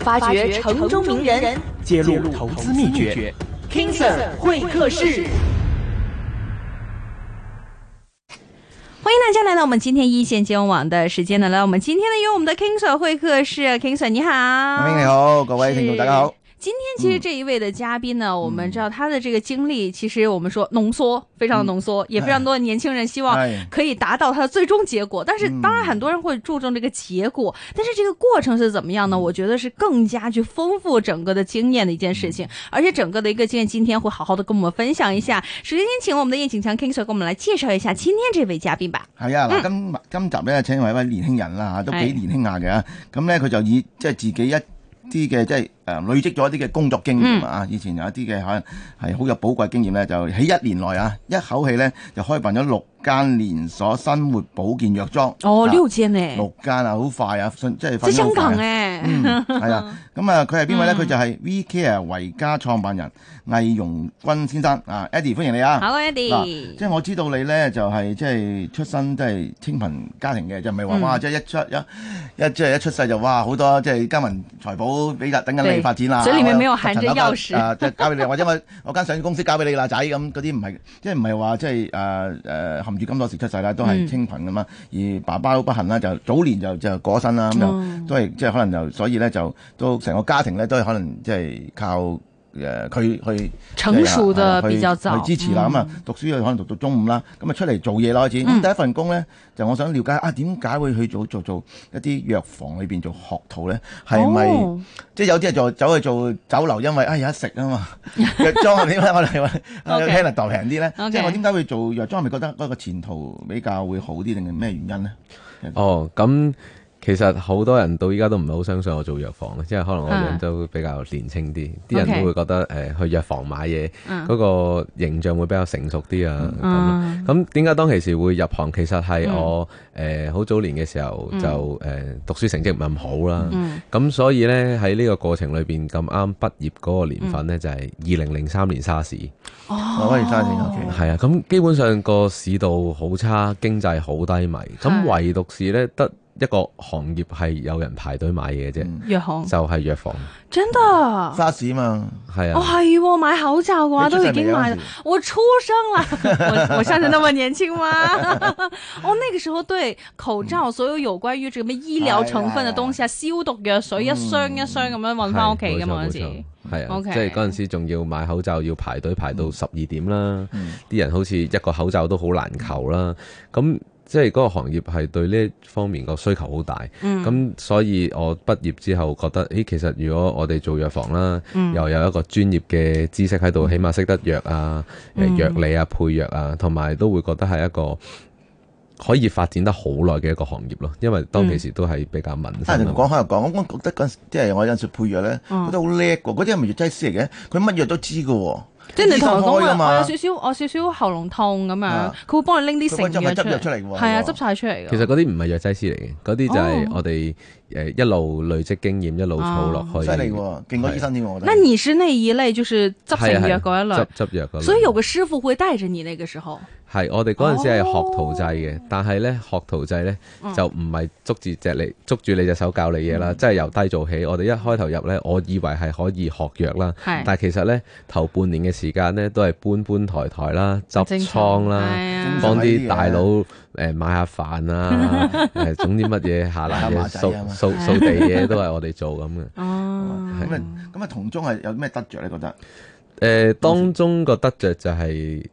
發掘城中名人，揭露投資秘訣。秘訣 King Sir 會客室，歡迎大家來到我們今天一線金融網的時間呢，來到我們今天呢，有我們的 King Sir 會客室。King Sir 你好，阿明你好，各位是聽眾大家好。今天其實這一位的嘉賓呢，嗯、我們知道他的這個經歷，其實我們說濃縮，嗯、非常的濃縮，嗯、也非常多的年輕人希望可以達到他的最終結果。嗯、但是當然很多人會注重這個結果，嗯、但是這個過程是怎麼樣呢？我覺得是更加去豐富整個的經驗的一件事情，而且整個的一個經驗今天會好好的跟我們分享一下。首先先請我們的葉景強 King Sir 跟我們來介紹一下今天這位嘉賓吧。係、嗯、啊，今今集呢請一位年輕人啦，都幾年輕下嘅、啊，咁呢、哎，佢、嗯、就以即係自己一啲嘅即係。累積咗一啲嘅工作經驗啊，嗯、以前有一啲嘅可能係好有寶貴經驗咧，就喺一年內啊一口氣咧就開辦咗六間連鎖生活保健藥妝。哦，六間咧？六間啊，好快啊，即係即係升騰咧。係啦、嗯，咁啊，佢係邊位咧？佢、嗯嗯、就係 V Care 維家創辦人魏榮君先生啊，Eddie 歡迎你啊。好，Eddie。啊、即係我知道你咧，就係、是、即係出身即係、就是、清貧家庭嘅，就唔係話哇，哇即係一出一一即係一出世就，出就哇好多即係家門財寶俾佢等緊你。發展啦，陳家，啊，即係、呃、交俾你， 或者我我間上市公司交俾你啦，仔咁嗰啲唔係，即係唔係話即係誒誒含住咁多時出世啦，都係清貧㗎嘛。嗯、而爸爸都不幸啦，就早年就就過身啦，咁就都係即係可能就所以咧就都成個家庭咧都係可能即係靠。誒，佢去，啊、成熟得比較早去支持啦。咁啊、嗯嗯，讀書又可能讀到中午啦，咁啊出嚟做嘢啦開始。這個、第一份工咧，就我想了解、嗯、啊，點解會去做做做一啲藥房裏邊做學徒咧？係咪即係有啲人就走去做酒樓，因為哎呀食啊嘛，藥妝點、okay、啊我哋話啊 c h 平啲咧。即係、okay 啊、我點解會做藥妝？係咪覺得嗰個前途比較會好啲，定係咩原因咧？哦，咁。其實好多人到依家都唔係好相信我做藥房嘅，即係可能我樣都比較年輕啲，啲人都會覺得誒去藥房買嘢嗰個形象會比較成熟啲啊。咁咁點解當其時會入行？其實係我誒好早年嘅時候就誒讀書成績唔係咁好啦。咁所以呢，喺呢個過程裏邊咁啱畢業嗰個年份呢，就係二零零三年沙士。哦，二零零三年，係啊。咁基本上個市道好差，經濟好低迷。咁唯獨是呢。得。一個行業係有人排隊買嘢嘅啫，藥行就係藥房，真噶，沙士嘛。係啊，哦係，買口罩嘅話都已經買啦，我出生啦，我我像是那麼年輕嗎？哦，那個時候對口罩，所有有關於什麼醫療成分嘅東西啊、消毒藥水一箱一箱咁樣運翻屋企嘅嘛，嗰陣時係啊，即係嗰陣時仲要買口罩要排隊排到十二點啦，啲人好似一個口罩都好難求啦，咁。即係嗰個行業係對呢方面個需求好大，咁、嗯、所以我畢業之後覺得，咦，其實如果我哋做藥房啦，嗯、又有一個專業嘅知識喺度，嗯、起碼識得藥啊、嗯、藥理啊、配藥啊，同埋都會覺得係一個可以發展得好耐嘅一個行業咯。因為當其時都係比較民生。嗯、但係同講開又講，我覺得嗰陣即係我有陣時配藥咧，覺得好叻喎。嗰啲係咪藥劑師嚟嘅？佢乜藥都知㗎喎。即係你同佢講話，我有少少，我少少喉嚨痛咁樣，佢、啊、會幫你拎啲成藥出嚟。係啊，執晒出嚟。嘅。其實嗰啲唔係藥劑師嚟嘅，嗰啲就係我哋誒、哦呃、一路累積經驗一路儲落去。犀利喎，勁過醫生添喎對。我那你是那一類，就是執成藥嗰一類，啊、執藥嗰。所以有個師傅會帶着你，那個時候。係，我哋嗰陣時係學徒制嘅，但係咧學徒制咧就唔係捉住隻你，捉住你隻手教你嘢啦，即係由低做起。我哋一開頭入咧，我以為係可以學藥啦，但係其實咧頭半年嘅時間咧都係搬搬抬抬啦、執倉啦、幫啲大佬誒買下飯啊、誒整啲乜嘢下欄嘢、掃掃地嘢都係我哋做咁嘅。哦，咁啊，咁啊，途中係有咩得着？咧？覺得誒，當中個得着就係。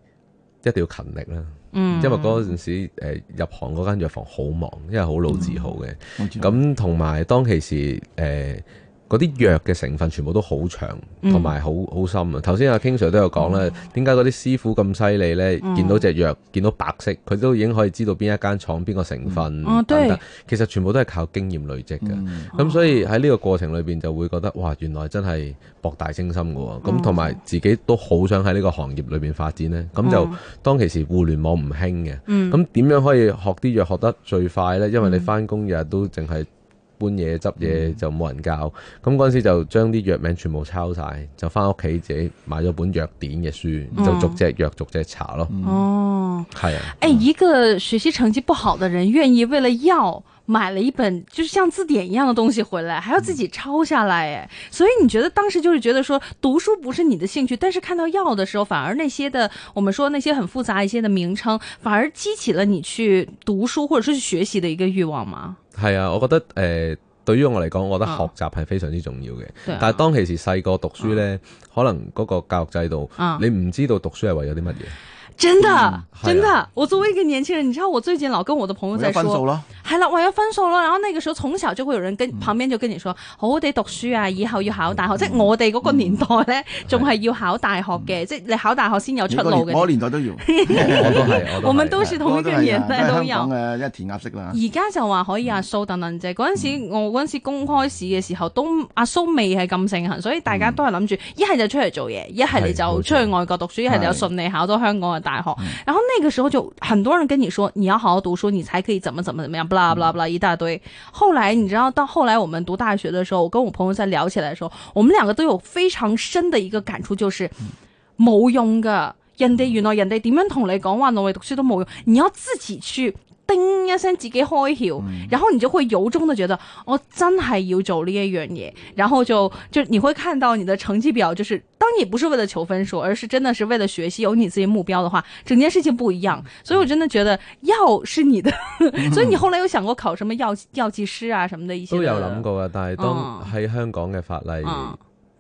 一定要勤力啦，因為嗰陣時、呃、入行嗰間藥房好忙，因為好老字號嘅，咁同埋當其時誒。呃嗰啲藥嘅成分全部都好長，同埋好好深啊！頭先阿 King Sir 都有講咧，點解嗰啲師傅咁犀利呢、嗯、見到隻藥，見到白色，佢都已經可以知道邊一間廠、邊個成分、嗯哦、等等其實全部都係靠經驗累積嘅。咁、嗯嗯、所以喺呢個過程裏邊就會覺得哇，原來真係博大精深嘅喎。咁同埋自己都好想喺呢個行業裏面發展呢。咁就當其時互聯網唔興嘅，咁點、嗯嗯、樣可以學啲藥學得最快呢？因為你翻工日日都淨係。搬嘢、執嘢就冇人教，咁嗰陣時就將啲藥名全部抄晒，就翻屋企自己買咗本藥典嘅書，就逐隻藥逐隻查咯。哦，係啊。誒，一個學習成績不好的人，願意為了藥？買了一本就是像字典一樣的東西回來，還要自己抄下來。所以你覺得當時就是覺得說讀書不是你的興趣，但是看到藥的時候，反而那些的我們說那些很複雜一些的名稱，反而激起了你去讀書或者是去學習的一個欲望嗎？係啊，我覺得、呃、對於我嚟講，我覺得學習係非常之重要嘅。啊啊、但係當其時細個讀書呢，啊、可能嗰個教育制度，啊、你唔知道讀書係為咗啲乜嘢。真的，真的，我作為一個年輕人，你知道我最近老跟我的朋友在說，係啦，為咗分數囉。然後那個時候從小就會有人跟旁邊就跟你說，好好地讀書啊，以後要考大學。即係我哋嗰個年代咧，仲係要考大學嘅，即係你考大學先有出路嘅。我年代都要，我們都是同一樣嘢，都有填鴨式啦。而家就話可以阿蘇等等啫。嗰陣時我嗰陣時公開試嘅時候，都阿蘇未係咁盛行，所以大家都係諗住一係就出嚟做嘢，一係你就出去外國讀書，一係就順利考到香港然後那個時候就很多人跟你說，你要好好讀書，你才可以怎麼怎麼怎麼樣，不啦不啦不啦一大堆。後來你知道到後來，我們讀大學的時候，我跟我朋友在聊起來的時候，我們兩個都有非常深的一個感觸，就是冇用的，人哋原來人哋點樣同你講話，讀書都冇用，你要自己去。叮一聲自己開竅，嗯、然後你就會由衷的覺得我真係要做呢一樣嘢，然後就就你會看到你的成績表，就是當你不是為了求分數，而是真的是為了學習，有你自己目標的話，整件事情不一樣。所以我真的覺得藥是你的，嗯、 所以你後來有想過考什麼藥藥劑師啊，什麼的一些的都有諗過啊。但係當喺香港嘅法例。嗯嗯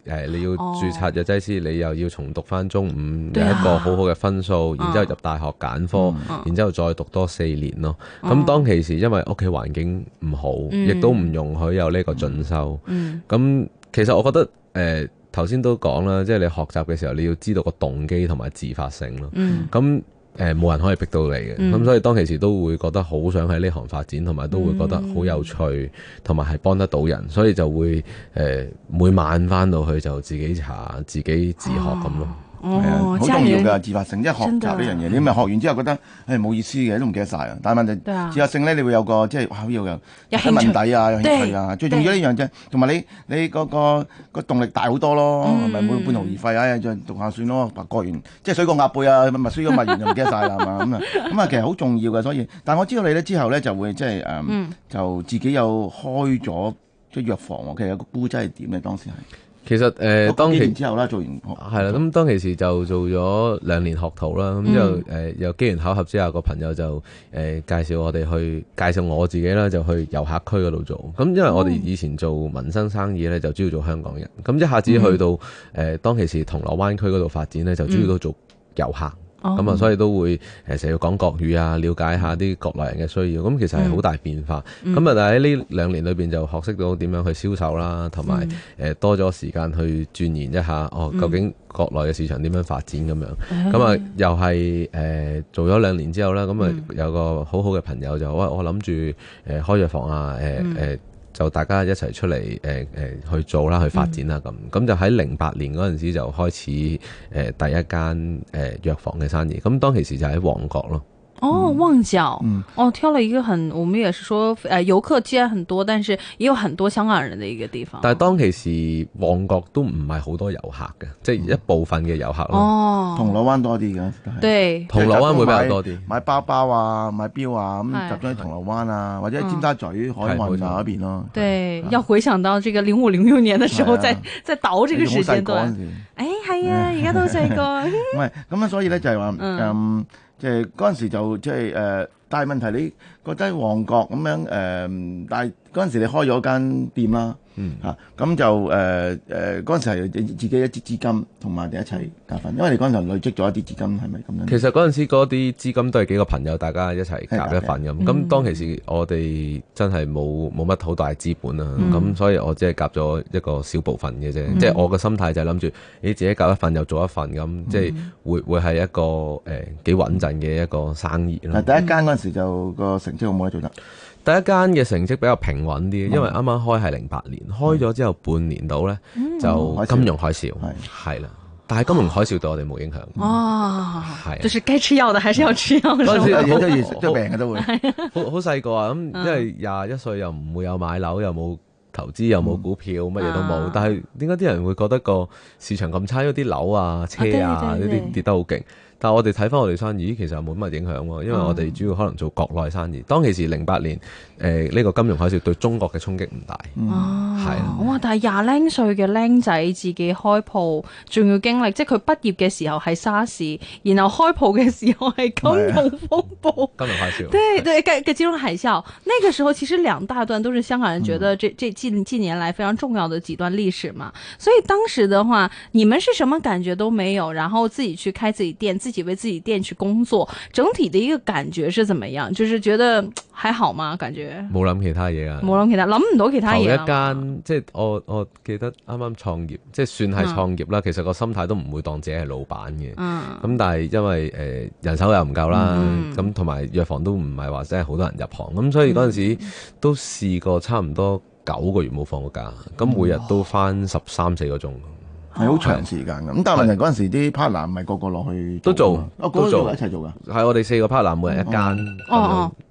誒，你要註冊藥劑師，oh. 你又要重讀翻中五，有一個好好嘅分數，Yeah. 然之後入大學揀科，oh. Oh. 然之後再讀多四年咯。咁、oh. 當其時，因為屋企環境唔好，oh. 亦都唔容許有呢個進修。咁、oh. 其實我覺得，誒頭先都講啦，即、就、係、是、你學習嘅時候，你要知道個動機同埋自發性咯。咁、oh. oh. 誒冇、呃、人可以逼到你嘅，咁、嗯嗯、所以當其時都會覺得好想喺呢行發展，同埋都會覺得好有趣，同埋係幫得到人，所以就會誒、呃、每晚返到去就自己查、自己自學咁、哦、咯。哦，好重要㗎自發性，即係學習呢樣嘢。你咪學完之後覺得，誒冇意思嘅，都唔記得晒啊。但係問題自發性咧，你會有個即係，好有有有興奮底啊，有興趣啊。最重要一樣啫，同埋你你嗰個個動力大好多咯，咪冇半途而廢啊，就讀下算咯，過完即係水過鴨背啊，咪書咗密完就唔記得晒啦，係咪啊？咁啊，咁啊，其實好重要嘅。所以，但係我知道你咧之後咧，就會即係誒，就自己又開咗即係藥房喎。其實個故仔係點嘅，當時係？其實誒，當然之後啦，做完係啦，咁當其時就做咗兩年學徒啦，咁就誒又機緣巧合之下，個朋友就誒、呃、介紹我哋去介紹我自己啦，就去遊客區嗰度做，咁因為我哋以前做民生生意咧，就主要做香港人，咁、嗯、一下子去到誒、嗯呃、當其時銅鑼灣區嗰度發展咧，就主要都做遊客。嗯嗯咁啊，哦、所以都會誒成日要講國語啊，了解下啲國內人嘅需要，咁其實係好大變化。咁啊、嗯，嗯、但喺呢兩年裏邊就學識到點樣去銷售啦，同埋誒多咗時間去鑽研一下、嗯、哦，究竟國內嘅市場點樣發展咁樣？咁啊、嗯，嗯、又係誒、呃、做咗兩年之後啦，咁、呃、啊、嗯、有個好好嘅朋友就話：喂，我諗住誒開藥房啊，誒、呃、誒。嗯呃就大家一齊出嚟誒誒去做啦，去發展啦咁。咁就喺零八年嗰陣時就開始誒、呃、第一間誒藥、呃、房嘅生意。咁當其時就喺旺角咯。哦，旺角，哦，挑了一個很，我們也是說，誒，遊客既然很多，但是也有很多香港人的一個地方。但係當其時旺角都唔係好多遊客嘅，即係一部分嘅遊客咯。哦，銅鑼灣多啲嘅，對，銅鑼灣會比較多啲，買包包啊，買表啊，咁集中喺銅鑼灣啊，或者尖沙咀海岸嗰邊咯。對，要回想到這個零五零六年的時候，再再倒這個時間都。誒，係啊，而家都細個。唔係，咁啊，所以咧就係話，即係嗰陣時就即係誒，但、呃、係問題你覺得旺角咁樣誒，但係嗰陣時你開咗間店啦、啊。嗯嚇，咁、啊、就誒誒嗰陣時係自己一啲資金同埋哋一齊夾份，因為你嗰陣時累積咗一啲資金，係咪咁樣？其實嗰陣時嗰啲資金都係幾個朋友大家一齊夾一份咁，咁、嗯、當其時我哋真係冇冇乜好大資本啊，咁、嗯、所以我只係夾咗一個小部分嘅啫，嗯、即係我嘅心態就係諗住你自己夾一份又做一份咁，即係會會係一個誒幾、呃、穩陣嘅一個生意啦。第一間嗰陣時就個成績好冇得做得。第一間嘅成績比較平穩啲，因為啱啱開係零八年，開咗之後半年到呢，就金融海嘯，係啦。但係金融海嘯對我哋冇影響。哦，係，就是該吃藥的還是要吃藥。嗰陣時好多疫，都病嘅都會，好好細個啊，咁因為廿一歲又唔會有買樓，又冇投資，又冇股票，乜嘢都冇。但係點解啲人會覺得個市場咁差？因為啲樓啊、車啊呢啲跌得好勁。但係我哋睇返我哋生意，其實冇乜影響喎，因為我哋主要可能做國內生意。嗯、當其時零八年，誒、呃、呢、這個金融海嘯對中國嘅衝擊唔大。哦、嗯，係對。哇！但係廿零歲嘅僆仔自己開鋪，仲要經歷，即係佢畢業嘅時候係沙士，然後開鋪嘅時候係金融風暴。是啊、 金融海嘯。對對，金融海嘯。那個時候其實兩大段都是香港人覺得這，嗯、這這近近年來非常重要的幾段歷史嘛。所以當時的話，你們是什麼感覺都沒有，然後自己去開自己店。自己為自己店去工作，整體的一個感覺是怎麼樣？就是覺得還好嗎？感覺冇諗其他嘢啊，冇諗其他，諗唔到其他嘢。頭一間即係我我記得啱啱創業，即係算係創業啦。其實個心態都唔會當自己係老闆嘅。咁但係因為誒人手又唔夠啦，咁同埋藥房都唔係話真係好多人入行，咁所以嗰陣時都試過差唔多九個月冇放過假，咁每日都翻十三四個鐘。係好長時間嘅，咁但係嗰陣時啲 partner 唔係個個落去都做都做，哦、都做、哦、那個、一齊做嘅。係我哋四個 partner，每人一間。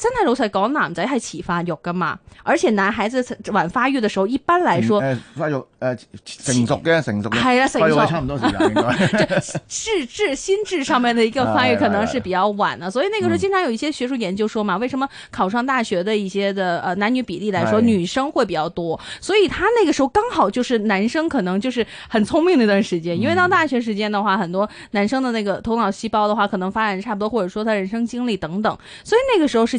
真係老實講，男仔係遲發育噶嘛，而且男孩子晚發育的時候，一般來說，發育誒成熟嘅成熟嘅，係、欸、啦，發育、呃、發育差唔多時間應該，差唔多，智智心智上面的一個發育可能是比較晚的。啊、所以那個時候經常有一些學術研究說嘛，嗯、為什麼考上大學的一些的呃男女比例來說，嗯、女生會比較多，所以他那個時候剛好就是男生可能就是很聰明那段時間，嗯、因為到大學時間的話，很多男生的那個頭腦細胞的話可能發展差不多，或者說他人生經歷等等，所以那個時候是。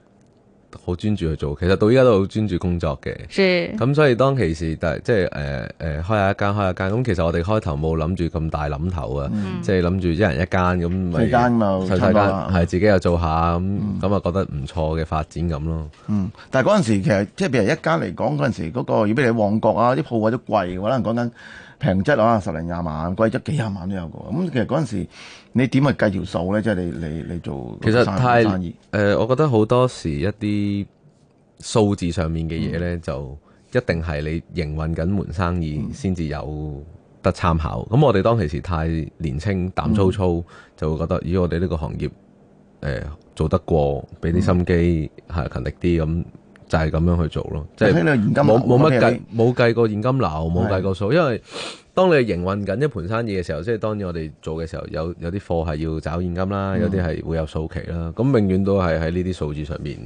好專注去做，其實到依家都好專注工作嘅。咁是所以當其時就係即係誒誒開下一間開下一間，咁其實我哋開頭冇諗住咁大諗頭啊，嗯、即係諗住一人一間咁。一間嘛，細間係自己又做下咁，咁啊、嗯、覺得唔錯嘅發展咁咯。嗯。但係嗰陣時其實即係譬如一間嚟講，嗰陣時嗰、嗰個，如果你喺旺角啊啲鋪位都貴嘅話，可能講緊平質啊十零廿萬，貴咗幾廿萬都有個。咁其實嗰陣時。你點去計條數咧？即、就、係、是、你你你做其實太誒、呃，我覺得好多時一啲數字上面嘅嘢咧，嗯、就一定係你營運緊門生意先至有得參考。咁、嗯、我哋當其時太年輕膽粗粗，淡淡淡嗯、就會覺得咦？我哋呢個行業誒、呃、做得過，俾啲心機係、嗯、勤力啲咁，就係咁樣去做咯。即係冇冇乜計，冇計過現金流，冇計過數，因為。當你營運緊一盤生意嘅時候，即係當然我哋做嘅時候，有有啲貨係要找現金啦，有啲係會有數期啦。咁永遠都係喺呢啲數字上面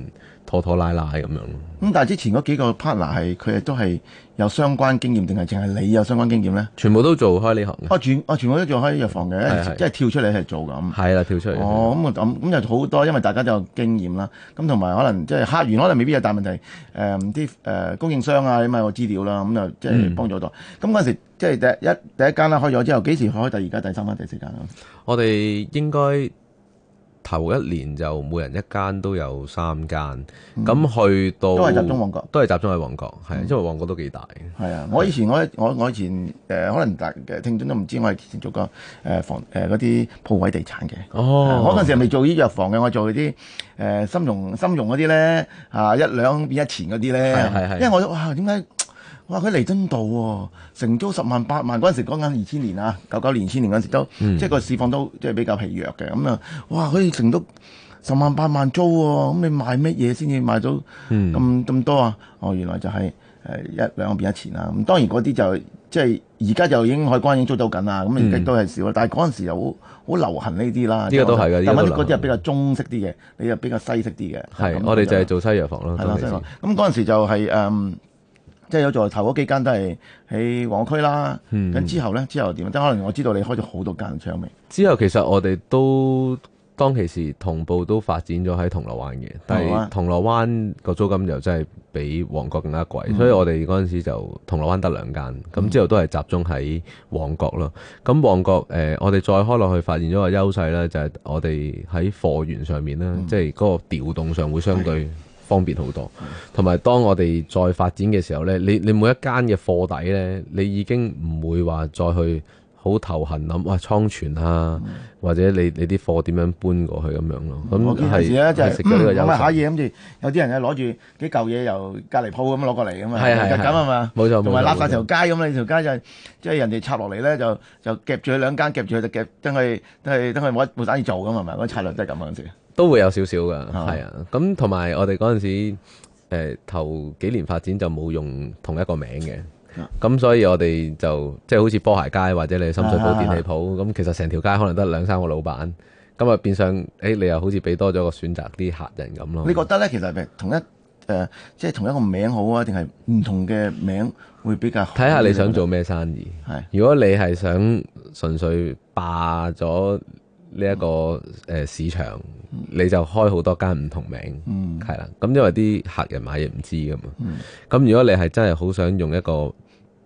拖拖拉拉咁樣。咁、嗯、但係之前嗰幾個 partner 係佢哋都係有相關經驗，定係淨係你有相關經驗咧？全部都做開呢行嘅。哦，全哦，全部都做開藥房嘅，嗯嗯、即係跳出嚟係做咁。係啦，跳出嚟。哦，咁咁咁就好多，因為大家都有經驗啦。咁同埋可能即係、就是、客源，可能未必有大問題。誒、呃，啲誒供應商啊，咁啊資料啦，咁就即係幫咗好多。咁、就、陣、是嗯、時。嗯嗯即係第一第一間啦，開咗之後幾時開第二間、第三間、第四間啊？我哋應該頭一年就每人一間都有三間，咁去到都係集中喺旺角，都係集中喺旺角，係因為旺角都幾大。係啊！我以前我我我以前誒可能大嘅聽眾都唔知我係之前做過誒房誒嗰啲鋪位地產嘅。哦，嗰陣時係未做醫藥房嘅，我做啲誒金融金融嗰啲咧，啊一兩變一錢嗰啲咧，係係因為我哇點解？哇！佢嚟真到喎，承租十萬八萬嗰陣時，講緊二千年啊，九九年、二千年嗰陣時都，即係個市況都即係比較疲弱嘅。咁啊，哇！佢承租十萬八萬租喎，咁你賣乜嘢先至賣到咁咁多啊？哦，原來就係誒一兩個變一錢啦。咁當然嗰啲就即係而家就已經海關已經捉走緊啦。咁亦都係少啦，但係嗰陣時又好好流行呢啲啦。呢個都係，但係嗰啲係比較中式啲嘅，你又比較西式啲嘅。係，我哋就係做西藥房咯。係啦，西藥房。咁嗰陣時就係誒。即係有在頭嗰幾間都係喺旺角區啦，咁之、嗯、後呢？之後點？即可能我知道你開咗好多間，請問之後其實我哋都當其時同步都發展咗喺銅鑼灣嘅，但係銅鑼灣個租金又真係比旺角更加貴，嗯、所以我哋嗰陣時就銅鑼灣得兩間，咁、嗯、之後都係集中喺旺角咯。咁旺角誒，我哋再開落去發現咗個優勢呢，就係我哋喺貨源上面呢，嗯、即係嗰個調動上會相對、嗯。方便好多，同埋當我哋再發展嘅時候呢，你你每一間嘅貨底呢，你已經唔會話再去。好頭痕諗，哇倉存啊，或者你你啲貨點樣搬過去咁樣咯？咁嗰陣時咧就食咗呢個優勢，咁下嘢，咁就有啲人咧攞住幾嚿嘢由隔離鋪咁攞過嚟啊嘛，就咁啊嘛，冇錯，同埋垃圾條街咁你條街就即係人哋插落嚟咧，就就夾住兩間，夾住佢，就夾，真係真係真係等佢冇冇生意做咁啊咪，個策略都係咁啊，嗰都會有少少噶，係啊，咁同埋我哋嗰陣時誒頭幾年發展就冇用同一個名嘅。咁所以我，我哋就即係好似波鞋街或者你深水埗電器鋪，咁是其實成條街可能得兩三個老闆，咁啊變相，誒、哎、你又好似俾多咗個選擇啲客人咁咯。你覺得呢？其實同一誒、呃、即係同一個名好啊，定係唔同嘅名會比較好？睇下你想做咩生意。係係如果你係想純粹霸咗呢一個誒市場，嗯、你就開好多間唔同名，係啦、嗯。咁因為啲客人買嘢唔知噶嘛。咁、嗯嗯、如果你係真係好想用一個。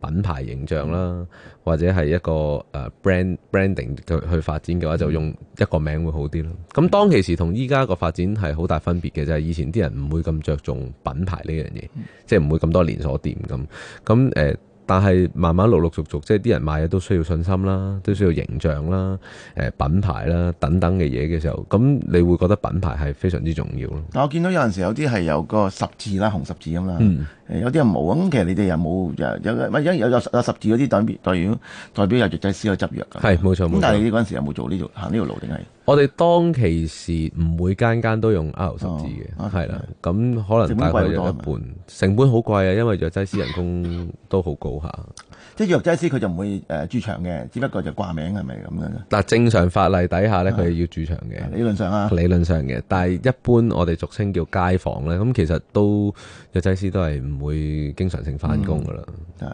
品牌形象啦，或者係一個誒 brand branding 去去發展嘅話，就用一個名會好啲咯。咁當其時同依家個發展係好大分別嘅，就係、是、以前啲人唔會咁着重品牌呢樣嘢，嗯、即係唔會咁多連鎖店咁。咁誒、呃，但係慢慢陸,陸陸續續，即係啲人買嘢都需要信心啦，都需要形象啦，誒、呃、品牌啦等等嘅嘢嘅時候，咁你會覺得品牌係非常之重要咯。但我見到有陣時有啲係有個十字啦，紅十字咁啦。嗯有啲人冇咁，其實你哋又冇又有咪有有有，有，有十有十字嗰啲代表代表代表有藥劑師去執藥㗎。係冇錯。咁但係你嗰陣時有冇做呢、這、條、個、行呢條路定係？我哋當其時唔會每間間都用 R 十字嘅，係啦、哦。咁、啊、可能大概有一半成本好貴，貴啊，因為藥劑師人工都好高嚇。嗯即係藥劑師佢就唔會誒駐場嘅，只不過就掛名係咪咁樣啫？嗱，正常法例底下咧，佢係要駐場嘅，理論上啊，理論上嘅，但係一般我哋俗稱叫街房咧，咁其實都藥劑師都係唔會經常性翻工噶啦。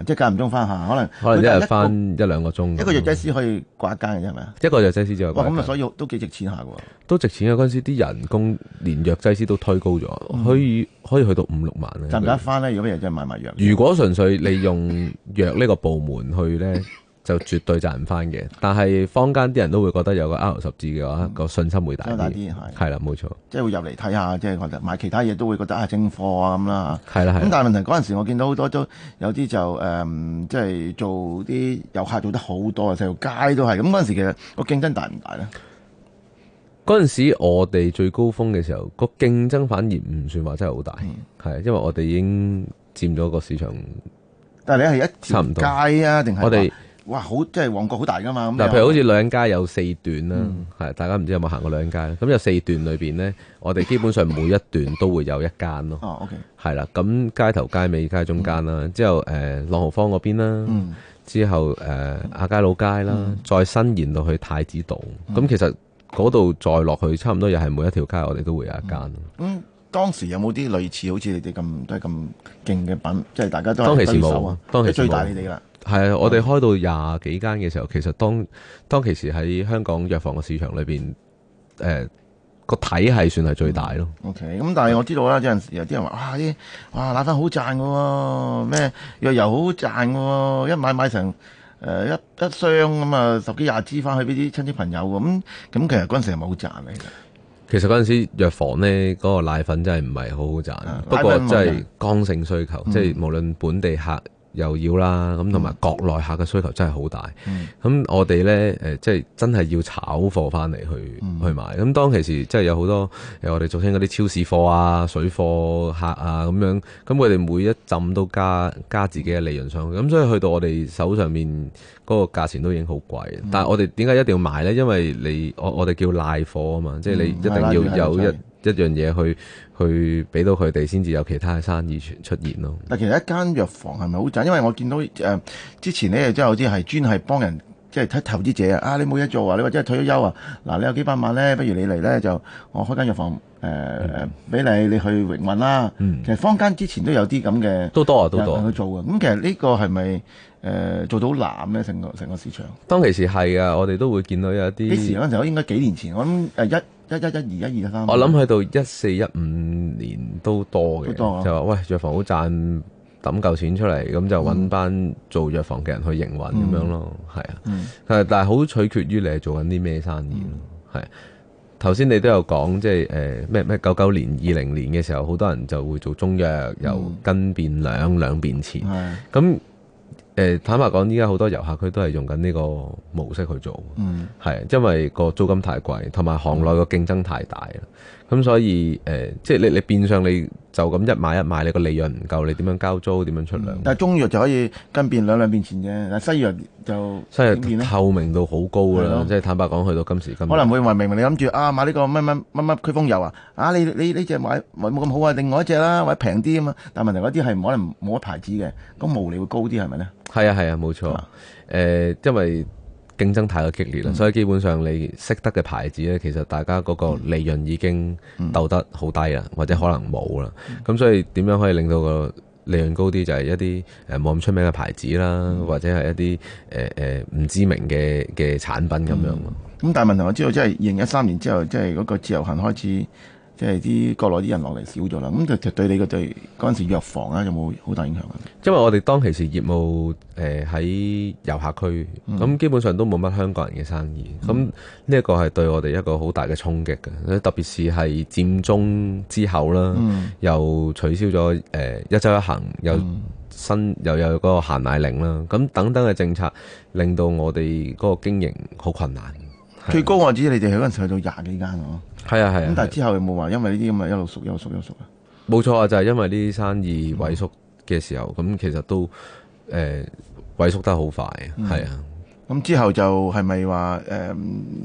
即係間唔中翻下，可能可能一日翻一兩個鐘。一個藥劑師可以掛一間嘅，係咪啊？一個藥劑師就係掛。哇，咁啊，所以都幾值錢下㗎喎。都值錢啊！嗰陣時啲人工連藥劑師都推高咗，可以可以去到五六萬咧。賺唔賺翻咧？如果真係賣埋藥。如果純粹利用藥呢個補。部門去咧就絕對賺唔翻嘅， 但係坊間啲人都會覺得有個 L 十字嘅話個、嗯、信心會大大啲，係係啦，冇錯的，即係錯會入嚟睇下，即係覺得買其他嘢都會覺得啊，正貨啊咁啦吓，係啦、嗯、咁的但係問題嗰陣時我見到好多都，有啲就誒，即、嗯、係、就是、做啲遊客做得好多啊，成條街都係咁，嗰陣時其實個競爭大唔大咧？嗰陣時我哋最高峰嘅時候，個競爭反而唔算話真係好大，係、嗯，因為我哋已經佔咗個市場。但係你係一條街啊？定係我哋哇好，即係旺角好大噶嘛咁。嗱，譬如好似兩街有四段啦，係大家唔知有冇行過兩街咧？咁有四段裏邊咧，我哋基本上每一段都會有一間咯。哦，OK，係啦。咁街頭、街尾、街中間啦，之後誒朗豪坊嗰邊啦，之後誒亞皆老街啦，再伸延到去太子道。咁其實嗰度再落去，差唔多又係每一條街我哋都會有一間。當時有冇啲類似好似你哋咁都係咁勁嘅品，即係大家都係當其時冇，當其時冇最大你哋啦。係啊，我哋開到廿幾間嘅時候，其實當、嗯、當其時喺香港藥房嘅市場裏邊，誒、呃、個體係算係最大咯。嗯、OK，咁、嗯、但係我知道啦，有陣時有啲人話哇啲哇奶粉好賺嘅喎、哦，咩藥油好賺嘅喎、哦，一買買成誒、呃、一一箱咁啊、嗯，十幾廿支翻去俾啲親戚朋友咁，咁、嗯嗯、其實嗰陣時係冇賺嘅。其實嗰陣時藥房呢，嗰個奶粉真係唔係好好賺，不過真係剛性需求，嗯，即係無論本地客。又要啦，咁同埋國內客嘅需求真係好大，咁我哋呢，誒，即係真係要炒貨翻嚟去去買。咁當其時即係有好多，誒，我哋俗稱嗰啲超市貨啊、水貨客啊咁樣，咁佢哋每一浸都加加自己嘅利潤上去，咁所以去到我哋手上面嗰個價錢都已經好貴。但係我哋點解一定要買呢？因為你我我哋叫拉貨啊嘛，即係你一定要有一一樣嘢去去俾到佢哋先至有其他嘅生意出現咯。但其實一間藥房係咪好賺？因為我見到誒、呃、之前呢，即係有啲係專係幫人，即係睇投資者啊。啊，你冇嘢做啊，你或者係退咗休啊。嗱、啊，你有幾百萬咧，不如你嚟咧就我開間藥房誒，俾、呃嗯、你你去營運啦、啊。嗯、其實坊間之前都有啲咁嘅都多啊，都多去做嘅。咁其實呢個係咪誒做到濫咧？成個成個市場？當其時係啊，我哋都會見到有一啲幾時啊？候應該幾年前，我諗誒一。一一一二一二三，1> 1 1 2 1 2我諗去到一四一五年都多嘅，多啊、就話喂藥房好賺，抌夠錢出嚟，咁就揾班做藥房嘅人去營運咁樣咯，係啊，但係但係好取決於你係做緊啲咩生意咯，係、嗯。頭先、啊、你都有講，即係誒咩咩九九年、二零年嘅時候，好多人就會做中藥，由根變兩，兩變錢，咁。嗯誒坦白講，依家好多遊客區都係用緊呢個模式去做，係、嗯、因為個租金太貴，同埋行內個競爭太大啦。咁、嗯、所以，誒、嗯，即係你你變相，你就咁一買一賣，你個利潤唔夠，你點樣交租，點樣出糧、嗯？但係中藥就可以跟變兩兩變錢啫，但係西藥就西藥透明度好高啦，即係 的坦白講，去到今時今。可能會話明明你諗住啊買呢個乜乜乜乜驅風油啊，啊你你呢隻買冇咁好啊，另外一隻啦、啊，或者平啲啊嘛，但係問題嗰啲係唔可能冇一牌子嘅，咁毛利會高啲係咪咧？係啊係啊，冇錯，誒、嗯，因為。 競爭太過激烈啦，所以基本上你識得嘅牌子呢，其實大家嗰個利潤已經鬥得好低啦，或者可能冇啦。咁所以點樣可以令到個利潤高啲？就係一啲誒冇咁出名嘅牌子啦，或者係一啲誒誒唔知名嘅嘅產品咁樣。咁但係問題我知道，即係二零一三年之後，即係嗰個自由行開始。即係啲國內啲人落嚟少咗啦，咁就對你個對嗰陣時藥房啊，有冇好大影響啊？因為我哋當其時業務誒喺、呃、遊客區，咁基本上都冇乜香港人嘅生意，咁呢一個係對我哋一個好大嘅衝擊嘅。特別是係佔中之後啦，又取消咗誒、呃、一週一行，又新又有嗰個限奶令啦，咁等等嘅政策令到我哋嗰個經營好困難。最高我知你哋嗰陣時去到廿幾間咯，係啊係啊。咁但係之後有冇話，因為呢啲咁嘅一路縮又縮又縮？啊。冇錯啊，就係、是、因為啲生意萎縮嘅時候，咁、嗯、其實都誒、呃、萎縮得好快啊。係啊，咁、嗯、之後就係咪話誒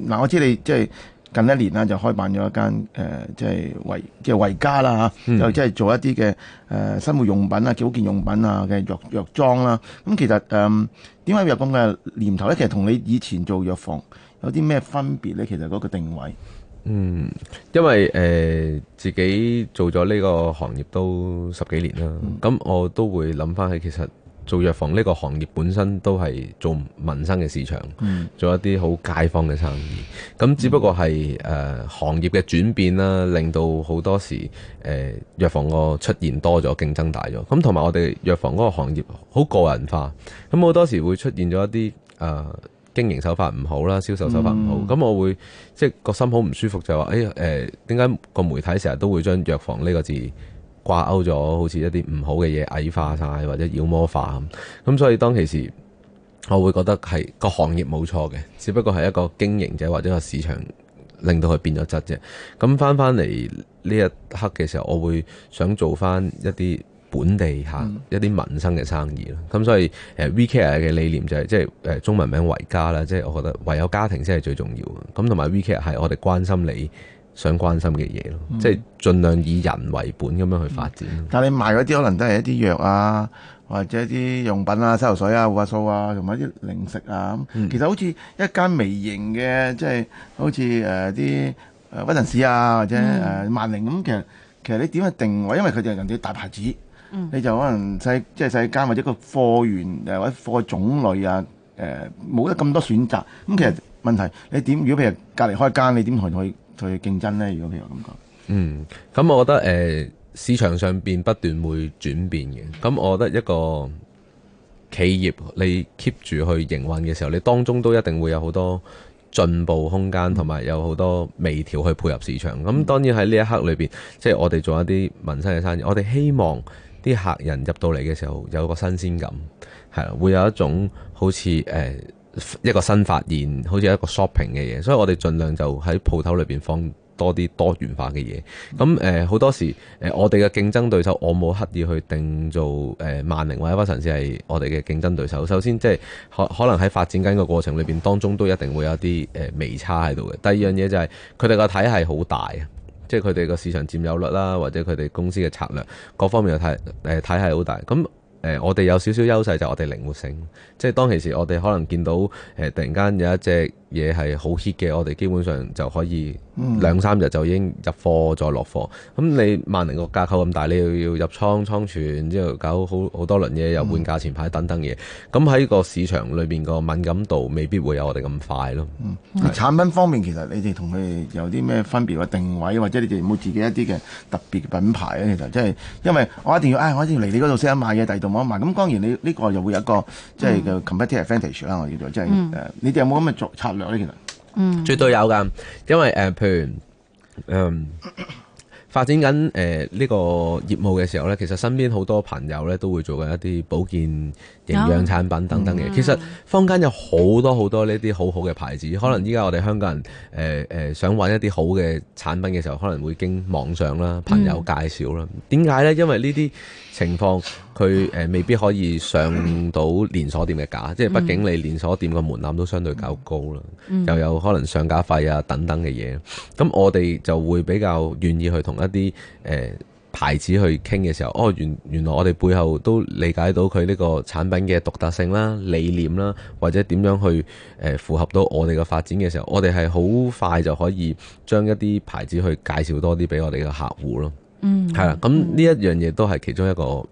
嗱？我知你即係。就是近一年啦，就開辦咗一間誒、呃，即係維即係維家啦嚇，嗯、又即係做一啲嘅誒生活用品啊、保健用品啊嘅藥藥妝啦。咁其實誒點解有咁嘅念頭咧？其實同你以前做藥房有啲咩分別咧？其實嗰個定位，嗯，因為誒、呃、自己做咗呢個行業都十幾年啦，咁、嗯、我都會諗翻起其實。做藥房呢個行業本身都係做民生嘅市場，嗯、做一啲好街坊嘅生意。咁只不過係誒、嗯呃、行業嘅轉變啦，令到好多時誒、呃、藥房個出現多咗，競爭大咗。咁同埋我哋藥房嗰個行業好個人化，咁好多時會出現咗一啲誒、呃、經營手法唔好啦，銷售手法唔好。咁、嗯、我會即係個心好唔舒服，就話誒誒點解個媒體成日都會將藥房呢個字掛鈎咗，好似一啲唔好嘅嘢，矮化晒或者妖魔化咁。咁所以當其時，我會覺得係個行業冇錯嘅，只不過係一個經營者或者個市場令到佢變咗質啫。咁翻翻嚟呢一刻嘅時候，我會想做翻一啲本地客一啲民生嘅生意啦。咁所以誒 V Care 嘅理念就係即係誒中文名為家啦，即係我覺得唯有家庭先係最重要嘅。咁同埋 V Care 係我哋關心你。想關心嘅嘢咯，即係盡量以人為本咁樣去發展。但係你賣嗰啲可能都係一啲藥啊，或者一啲用品啊、洗頭水啊、護髮素啊，同埋一啲零食啊。咁其實好似一間微型嘅，即係好似誒啲屈臣氏啊，或者誒萬寧咁。其實其實你點去定位？因為佢哋係人哋大牌子，你就可能細即係細間，或者個貨源誒或者貨嘅種類啊，誒冇得咁多選擇。咁其實問題你點？如果譬如隔離開間，你點同佢？佢競爭呢，如果譬如我咁講，嗯，咁我覺得誒、呃、市場上邊不斷會轉變嘅，咁我覺得一個企業你 keep 住去營運嘅時候，你當中都一定會有好多進步空間，同埋有好多微調去配合市場。咁當然喺呢一刻裏邊，即係我哋做一啲民生嘅生意，我哋希望啲客人入到嚟嘅時候有個新鮮感，係會有一種好似誒。呃一個新發現，好似一個 shopping 嘅嘢，所以我哋盡量就喺鋪頭裏邊放多啲多元化嘅嘢。咁誒好多時誒、呃，我哋嘅競爭對手，我冇刻意去定做誒、呃、萬寧或者屈臣氏係我哋嘅競爭對手。首先即係可可能喺發展緊個過程裏邊當中，都一定會有啲誒、呃、微差喺度嘅。第二樣嘢就係佢哋個體系好大啊，即係佢哋個市場佔有率啦，或者佢哋公司嘅策略各方面嘅體誒體系好大。咁誒、呃，我哋有少少優勢就我哋靈活性，即係當其時我哋可能見到誒、呃，突然間有一隻嘢係好 hit 嘅，我哋基本上就可以兩三日就已經入貨再落貨。咁、嗯、你萬寧個架構咁大，你又要入倉倉存之後搞好好多輪嘢，又換價錢牌等等嘢。咁喺個市場裏邊個敏感度未必會有我哋咁快咯。嗯，是產品方面其實你哋同佢有啲咩分別或定位，或者你哋有冇自己一啲嘅特別品牌咧？其實即係，因為我一定要唉、哎，我一定要嚟你嗰度先得買嘢，第二度冇得買。咁當然你呢個又會有一個即係、就、嘅、是、competitive advantage 啦。我叫做即係誒，嗯、你哋有冇咁嘅作策略？有，嗯，絕對有㗎，因為誒，譬如誒，呃，發展緊誒呢個業務嘅時候咧，其實身邊好多朋友咧都會做緊一啲保健。營養產品等等嘅，其實坊間有很多很多好多好多呢啲好好嘅牌子，可能依家我哋香港人誒誒、呃呃、想揾一啲好嘅產品嘅時候，可能會經網上啦、朋友介紹啦。點解、嗯、呢？因為呢啲情況佢誒、呃、未必可以上到連鎖店嘅架，嗯、即係畢竟你連鎖店嘅門檻都相對較高啦，嗯、又有可能上架費啊等等嘅嘢。咁我哋就會比較願意去同一啲誒、呃牌子去傾嘅時候，哦，原原來我哋背後都理解到佢呢個產品嘅獨特性啦、理念啦，或者點樣去誒、呃、符合到我哋嘅發展嘅時候，我哋係好快就可以將一啲牌子去介紹多啲俾我哋嘅客戶咯。嗯，係啦，咁呢一樣嘢都係其中一個誒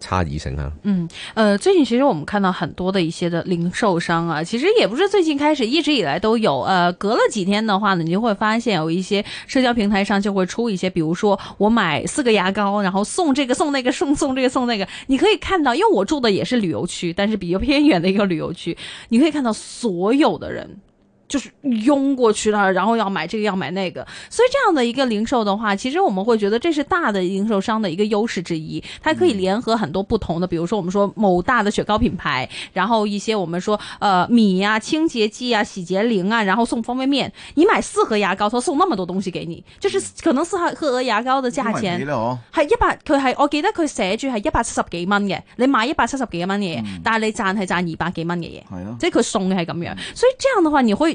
差異性吓。嗯，誒，最近其實我們看到很多的一些的零售商啊，其實也不是最近開始，一直以來都有。誒、呃，隔了幾天的話呢，你就會發現有一些社交平台上就會出一些，比如說我買四個牙膏，然後送這個送那個送送這個送這個、送那個。你可以看到，因為我住的也是旅遊區，但是比較偏遠的一個旅遊區，你可以看到所有的人。就是湧過去了，然後要買這個要買那個，所以這樣的一個零售的話，其實我們會覺得這是大的零售商的一個優勢之一，它可以聯合很多不同的，比如說我們說某大的雪糕品牌，然後一些我們說呃米呀、啊、清潔劑啊、洗潔靈啊，然後送方便麵。你買四盒牙膏，他送那麼多東西給你，就是可能四盒盒牙膏的價錢還一百，佢係我記得佢寫住係一百七十幾蚊嘅，你買一百七十幾蚊嘅嘢，嗯、但係你賺係賺二百幾蚊嘅嘢。啊、即係佢送嘅係咁樣，所以這樣的話你會。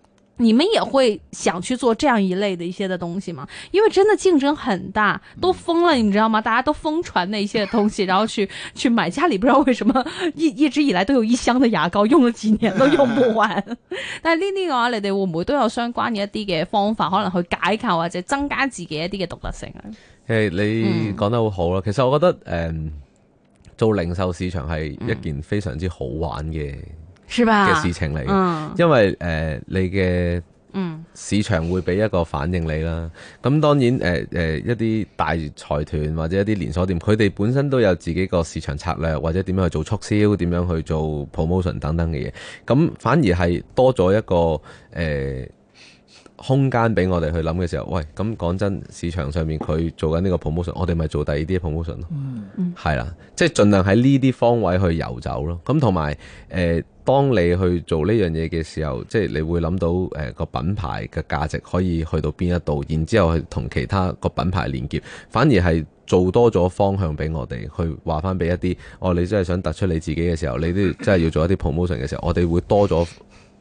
你們也會想去做這樣一類的一些的東西嗎？因為真的競爭很大，都瘋了，你知道嗎？大家都瘋傳那些東西，然後去去買。家裏不知道為什麼一一直以來都有一箱的牙膏，用了幾年都用不完。但係呢啲嘅話，你哋會唔會都有相關嘅一啲嘅方法，可能去解構或者增加自己一啲嘅獨特性。誒，你講得好好咯。其實我覺得、嗯嗯、做零售市場係一件非常之好玩嘅。嘅事情嚟，因為誒、呃、你嘅市場會俾一個反應你啦。咁、嗯、當然誒誒、呃呃、一啲大財團或者一啲連鎖店，佢哋本身都有自己個市場策略，或者點樣去做促銷，點樣去做 promotion 等等嘅嘢。咁反而係多咗一個誒。呃空間俾我哋去諗嘅時候，喂，咁講真，市場上面佢做緊呢個 promotion，我哋咪做第二啲 promotion 咯，係啦、嗯，即係盡量喺呢啲方位去遊走咯。咁同埋，誒、呃，當你去做呢樣嘢嘅時候，即係你會諗到誒個、呃、品牌嘅價值可以去到邊一度，然之後去同其他個品牌連結，反而係做多咗方向俾我哋去話翻俾一啲，哦，你真係想突出你自己嘅時候，你都真係要做一啲 promotion 嘅時候，我哋會多咗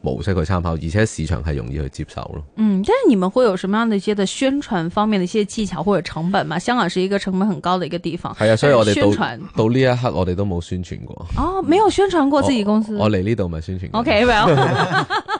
模式去參考，而且市場係容易去接受咯。嗯，即係你們會有什麼樣的一些的宣傳方面的一些技巧或者成本嘛？香港是一個成本很高的一個地方。係啊，所以我哋宣傳到呢、嗯、一刻，我哋都冇宣傳過。哦，沒有宣傳過自己公司。我嚟呢度咪宣傳過。O K，唔好。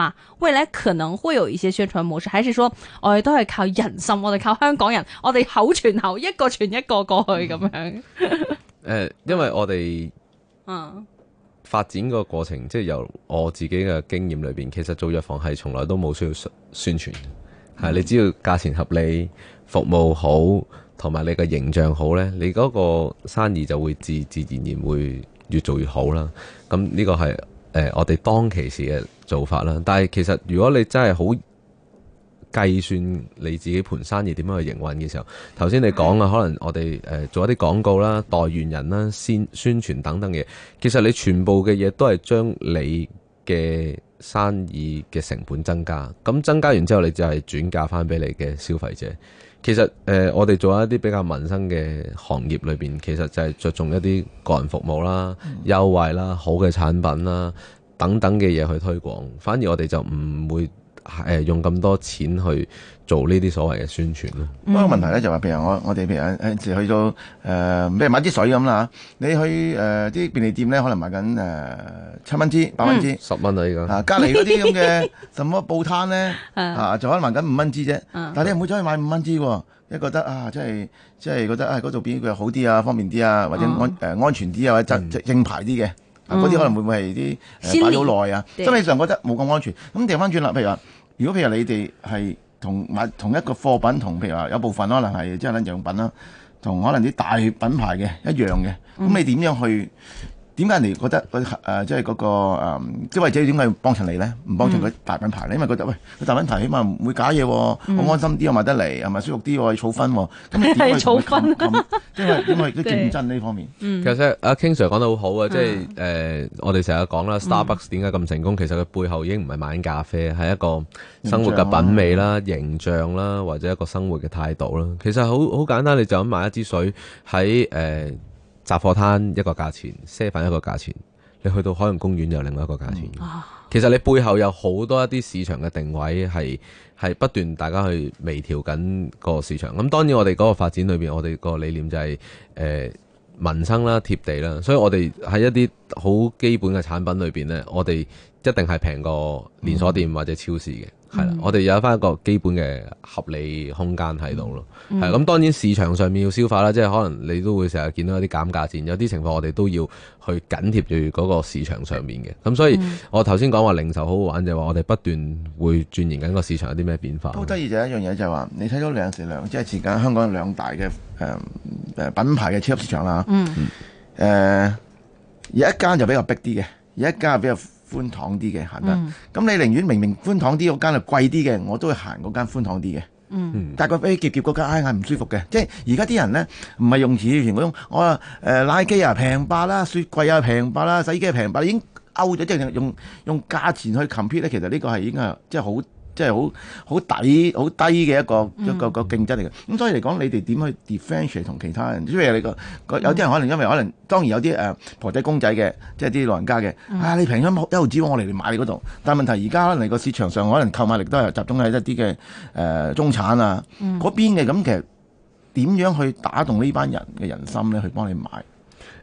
未來可能會有一些宣傳模式，還是說我哋都係靠人心，我哋靠香港人，我哋口傳口一個傳一個過去咁樣、嗯。 因為我哋嗯發展個過程，即係由我自己嘅經驗裏邊，其實做藥房係從來都冇需要宣宣傳，係你只要價錢合理，服務好同埋你個形象好呢，你嗰個生意就會自自然然會越做越好啦。咁呢個係，誒、呃，我哋當其時嘅做法啦，但係其實如果你真係好計算你自己盤生意點樣去營運嘅時候，頭先你講啦，可能我哋誒、呃、做一啲廣告啦、代言人啦、宣宣傳等等嘢，其實你全部嘅嘢都係將你嘅生意嘅成本增加，咁增加完之後，你就係轉嫁翻俾你嘅消費者。其實誒、呃，我哋做一啲比較民生嘅行業裏邊，其實就係着重一啲個人服務啦、嗯、優惠啦、好嘅產品啦等等嘅嘢去推廣，反而我哋就唔會。誒，嗯、用咁多錢去做呢啲所謂嘅宣傳咯。嗰個問題咧就話，譬如我我哋譬如誒，平時去到誒，咩、呃、買啲水咁啦，你去誒啲、呃、便利店咧，可能買緊誒七蚊支、八蚊支、十蚊、嗯、啊，依家啊，隔籬嗰啲咁嘅什麼報攤咧，吓、 啊、就可能買緊五蚊支啫，嗯、但係你唔會走去買五蚊支，即係覺得啊，真係即係覺得啊，嗰度邊佢好啲啊，方便啲啊，或者安誒安全啲啊，或者即係名牌啲嘅。嗯嗰啲、啊、可能會唔會係啲、嗯呃、擺咗耐啊？的心理上覺得冇咁安全。咁掉翻轉啦，譬如話，如果譬如你哋係同買同一個貨品，同譬如話有部分可能係即係攤樣品啦，同可能啲大品牌嘅一樣嘅，咁你點樣去？嗯點解你覺得佢即係嗰個誒，即或者點解要幫襯你咧？唔幫襯佢大品牌咧，因為覺得喂，佢大品牌起碼唔會假嘢、啊，我、嗯、安心啲，我買得嚟，係咪舒服啲？我係儲分、啊，咁你點解？係儲分，因為因為啲競爭呢方面。嗯、其實阿 King Sir 講得好好啊，即係誒，呃嗯、我哋成日講啦，Starbucks 點解咁成功？其實佢背後已經唔係買咖啡，係一個生活嘅品味啦、形象啦、啊，或者一個生活嘅態度啦。其實好好簡單，你就咁買一支水喺誒。呃雜貨攤一個價錢，7仔一個價錢，你去到海洋公園又另外一個價錢。其實你背後有好多一啲市場嘅定位係係不斷大家去微調緊個市場。咁、嗯、當然我哋嗰個發展裏邊，我哋個理念就係、是呃、民生啦、貼地啦。所以我哋喺一啲好基本嘅產品裏邊呢，我哋。一定係平過連鎖店或者超市嘅，係啦、嗯。我哋有返一個基本嘅合理空間喺度咯。係咁、嗯，當然市場上面要消化啦，即係可能你都會成日見到一啲減價戰，有啲情況我哋都要去緊貼住嗰個市場上面嘅。咁所以，我頭先講話零售好好玩，就係、是、話我哋不斷會轉型緊個市場有啲咩變化。好得意就一樣嘢，就係話你睇到兩成兩，即係時間香港兩大嘅誒誒品牌嘅超級市場啦嚇。嗯，嗯、呃。有一間就比較逼啲嘅，有一間比較。寬敞啲嘅行得，咁你寧願明明寬敞啲嗰間係貴啲嘅，我都會行嗰間寬敞啲嘅。嗯，但個飛夾夾嗰間係唔舒服嘅。即係而家啲人咧，唔係用以前嗰種，我誒拉、呃、機啊平白啦，雪櫃啊平白啦，洗機啊平白已經 out 咗，即係用用價錢去 compete 咧，其實呢個係已經係即係好。即係好好抵好低嘅一個一個一個競爭嚟嘅，咁、嗯嗯、所以嚟講，你哋點去 differentiate 同其他人？因為你個有啲人可能因為可能，當然有啲誒、呃、婆仔公仔嘅，即係啲老人家嘅，啊你平咗一毫紙我嚟嚟買你嗰度，但係問題而家你個市場上可能購買力都係集中喺一啲嘅誒中產啊嗰、嗯、邊嘅，咁其實點樣去打動呢班人嘅人心咧，嗯嗯、去幫你買？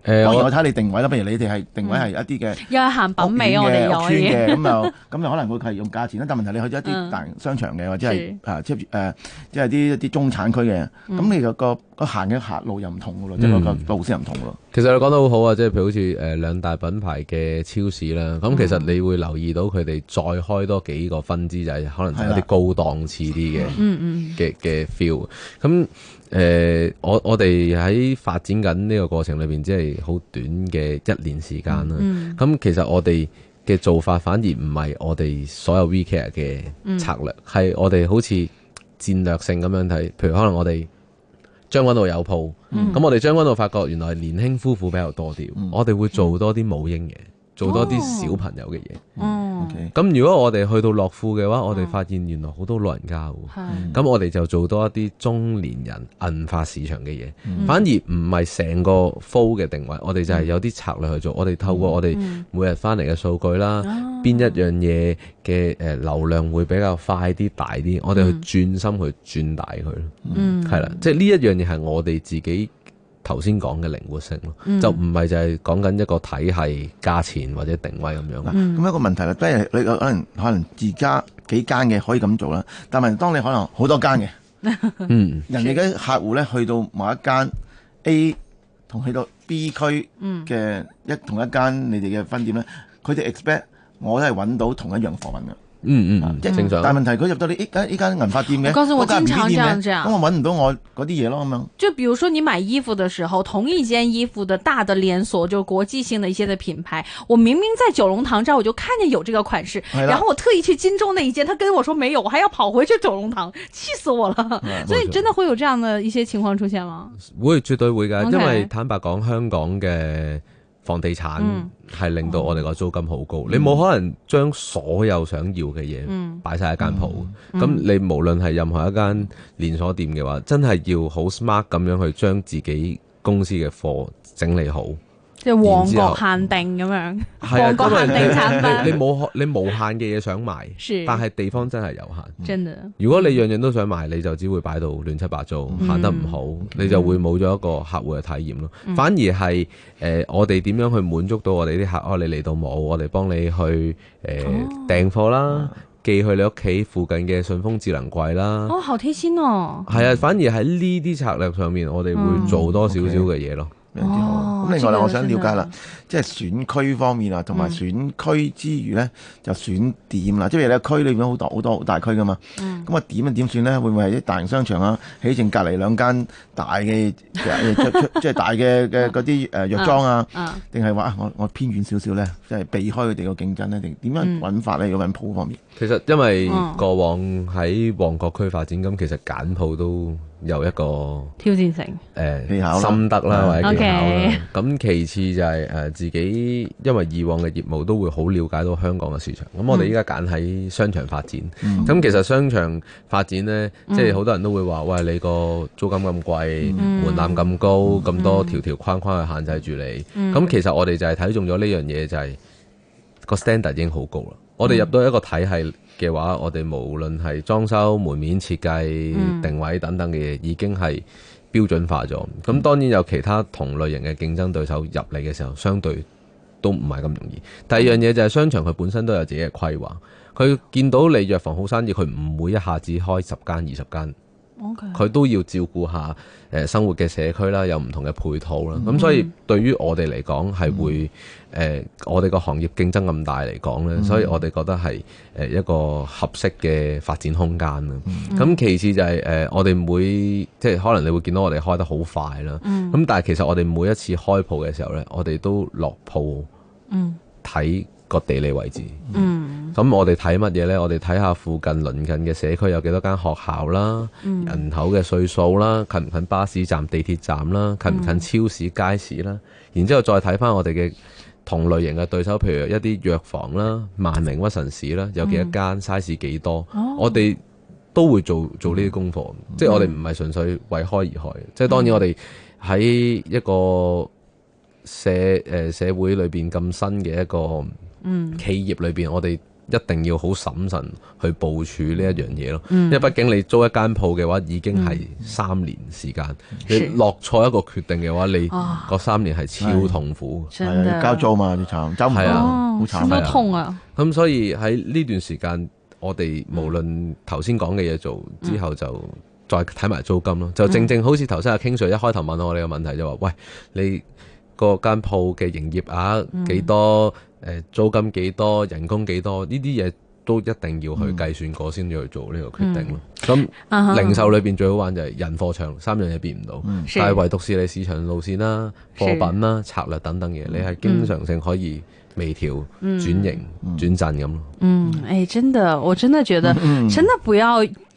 誒，我我睇你定位啦，譬如你哋係定位係一啲嘅，又係行品味我哋有嘅，咁又咁又可能會係用價錢啦，但問題你去一啲大商場嘅，或者係啊即係啲一啲中產區嘅，咁你個個行嘅客路又唔同嘅咯，即係個路線唔同咯。其實你講得好好啊，即係譬如好似誒兩大品牌嘅超市啦，咁其實你會留意到佢哋再開多幾個分支就係可能係一啲高檔次啲嘅嘅嘅 feel，咁。誒、呃，我我哋喺發展緊呢個過程裏邊，即係好短嘅一年時間啦。咁、嗯、其實我哋嘅做法反而唔係我哋所有 VCare 嘅策略，係、嗯、我哋好似戰略性咁樣睇。譬如可能我哋將軍澳有鋪，咁、嗯、我哋將軍澳發覺原來年輕夫婦比較多啲，嗯、我哋會做多啲母嬰嘢。嗯嗯嗯做多啲小朋友嘅嘢，咁、嗯、如果我哋去到樂富嘅話，嗯、我哋發現原來好多老人家喎，咁、嗯、我哋就做多一啲中年人銀髮市場嘅嘢，嗯、反而唔係成個 full 嘅定位，我哋就係有啲策略去做，我哋透過我哋每日翻嚟嘅數據啦，邊、嗯嗯、一樣嘢嘅誒流量會比較快啲大啲，我哋去轉心去轉大佢，係啦、嗯，即係呢一樣嘢係我哋自己。頭先講嘅靈活性咯，嗯、就唔係就係講緊一個體系價錢或者定位咁樣。咁、嗯、一個問題咧，即、就、係、係、你可能可能自家幾間嘅可以咁做啦，但係當你可能好多間嘅，嗯，人哋嘅客戶咧去到某一間 A 同去到 B 區嘅一同一間你哋嘅分店咧，佢哋、嗯、expect 我都係揾到同一樣貨品㗎。嗯嗯，即係正常。但問題佢、嗯、入到你依間依間銀髮店嘅，我，告你我經常這樣，咁的樣我搵唔到我嗰啲嘢咯，咁樣。就比如說你買衣服的時候，同一件衣服的大的連鎖，就國際性的一些的品牌，我明明在九龍塘這，我就看見有這個款式，然後我特意去金鐘那一間，他跟我說沒有，我還要跑回去九龍塘，氣死我了。嗯、所以真的會有這樣的一些情況出現嗎？嗯、會，絕對會噶，Okay 因為坦白講，香港嘅。房地產係令到我哋個租金好高，嗯、你冇可能將所有想要嘅嘢擺晒一間鋪。咁、嗯、你無論係任何一間連鎖店嘅話，真係要好 smart 咁樣去將自己公司嘅貨整理好。即係旺角限定咁樣，旺角限定產品，你冇你，你，你無限嘅嘢想賣，是但係地方真係有限。真的如果你樣樣都想賣，你就只會擺到亂七八糟，嗯、行得唔好，你就會冇咗一個客戶嘅體驗咯。嗯、反而係誒、呃，我哋點樣去滿足到我哋啲客？啊呃、哦，你嚟到冇，我哋幫你去誒訂貨啦，啊、寄去你屋企附近嘅順豐智能櫃啦。哦，後天先哦。係啊、嗯，反而喺呢啲策略上面，我哋會做多少少嘅嘢咯。哦哦哦哦咁、哦、另外啦，了我想了解啦，即係選區方面啊，同埋選區之餘咧，就選點啦。即係咧，區裏面好多好多，多，多大區噶嘛。咁啊、嗯，我點啊點算咧？會唔會係啲大型商場啊？起正隔籬兩間大嘅，即係大嘅嘅啲誒藥妝啊？定係話啊、我我偏遠少少咧，即係避開佢哋個競爭咧，定點樣搵法咧？要搵鋪方面？其實因為過往喺旺角區發展，咁其實揀鋪都有一個挑戰性，誒，心得啦或者技巧啦。咁其次就係誒自己，因為以往嘅業務都會好了解到香港嘅市場。咁我哋依家揀喺商場發展，咁其實商場發展呢，即係好多人都會話：喂，你個租金咁貴，門檻咁高，咁多條條框框去限制住你。咁其實我哋就係睇中咗呢樣嘢，就係。個 standard 已經好高啦！我哋入到一個體系嘅話，嗯、我哋無論係裝修、門面設計、定位等等嘅嘢，已經係標準化咗。咁、嗯、當然有其他同類型嘅競爭對手入嚟嘅時候，相對都唔係咁容易。第二樣嘢就係商場佢本身都有自己嘅規劃，佢見到你藥房好生意，佢唔會一下子開十間、二十間。佢 Okay. 都要照顧下誒、呃、生活嘅社區啦，有唔同嘅配套啦。咁、mm hmm. 嗯、所以對於我哋嚟講係會誒、呃，我哋個行業競爭咁大嚟講咧，mm hmm. 所以我哋覺得係誒一個合適嘅發展空間啦。咁、mm hmm. 其次就係、是、誒、呃，我哋每即係可能你會見到我哋開得好快啦。咁、mm hmm. 但係其實我哋每一次開鋪嘅時候咧，我哋都落鋪睇、mm。Hmm. 個地理位置，咁、嗯、我哋睇乜嘢呢？我哋睇下附近鄰近嘅社區有幾多間學校啦，嗯、人口嘅歲數啦，近唔近巴士站、地鐵站啦，近唔近超市、街市啦？然之後再睇翻我哋嘅同類型嘅對手，譬如一啲藥房啦、萬寧屈臣氏啦，有幾多間、size 幾、嗯、多？哦、我哋都會做做呢啲功課，即係、嗯、我哋唔係純粹為開而開，即係、嗯、當然我哋喺一個社誒社會裏邊咁新嘅一個。嗯，企業裏邊我哋一定要好審慎去部署呢一樣嘢咯，因為畢竟你租一間鋪嘅話，已經係三年時間，你落錯一個決定嘅話，你嗰三年係超痛苦，係交租嘛，最慘，係啊，好慘啊，咁所以喺呢段時間，我哋無論頭先講嘅嘢做之後，就再睇埋租金咯，就正正好似頭先阿 King Sir 一開頭問我哋嘅問題就話，喂，你個間鋪嘅營業額幾多？呃、租金幾多，人工幾多，呢啲嘢都一定要去計算過先去做呢個決定咯。咁、嗯嗯、零售裏邊最好玩就係人貨場三樣嘢變唔到，嗯、但係唯獨是你市場路線啦、啊、貨品啦、啊、是策略等等嘢，你係經常性可以微調、轉、嗯、型、轉陣咁咯。嗯，誒，真的，我真的覺得，真的不要。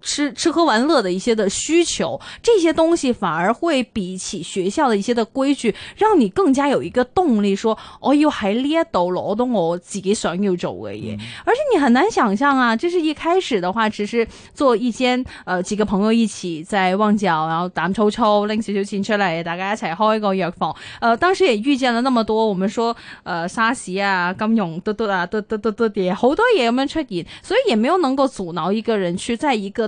吃吃喝玩樂的一些的需求，這些東西反而會比起學校的一些的規矩，讓你更加有一個動力，說，哦喲，還叻到攞到我自己想要做嘅嘢。而且你很難想象啊，這是一開始的話，只是做一間，呃，幾個朋友一起在旺角，然後抌抽抽拎少少錢出嚟，大家一起開個藥房。呃，當時也遇見了那麼多，我們說，呃，沙士啊，金融嘟嘟啊，嘟嘟嘟嘟嘢，好多嘢咁樣出現，所以也沒有能夠阻撓一個人去在一個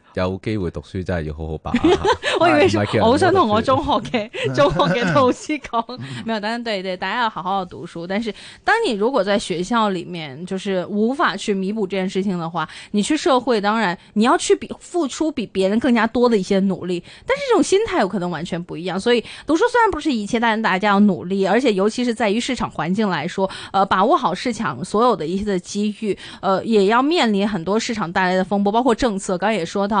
有機會讀書真係要好好把握。我以為是，我好想同我中學嘅中學嘅老師講， 沒有，當然對對，大家要好好讀書。但是當你如果在學校裏面，就是無法去彌補這件事情的話，你去社會當然你要去比付出比別人更加多的一些努力。但是這種心態有可能完全不一樣。所以讀書雖然不是一切，但大家要努力，而且尤其是在於市場環境來說，呃，把握好市場所有的一些的機遇，呃，也要面臨很多市場帶來的風波，包括政策。剛才也說到。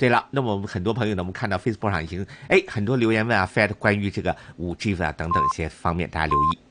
對了，那麼我們很多朋友呢，我們看到 Facebook 上已經，哎，很多留言問啊，Fed 關於這個五 G 啊等等一些方面，大家留意。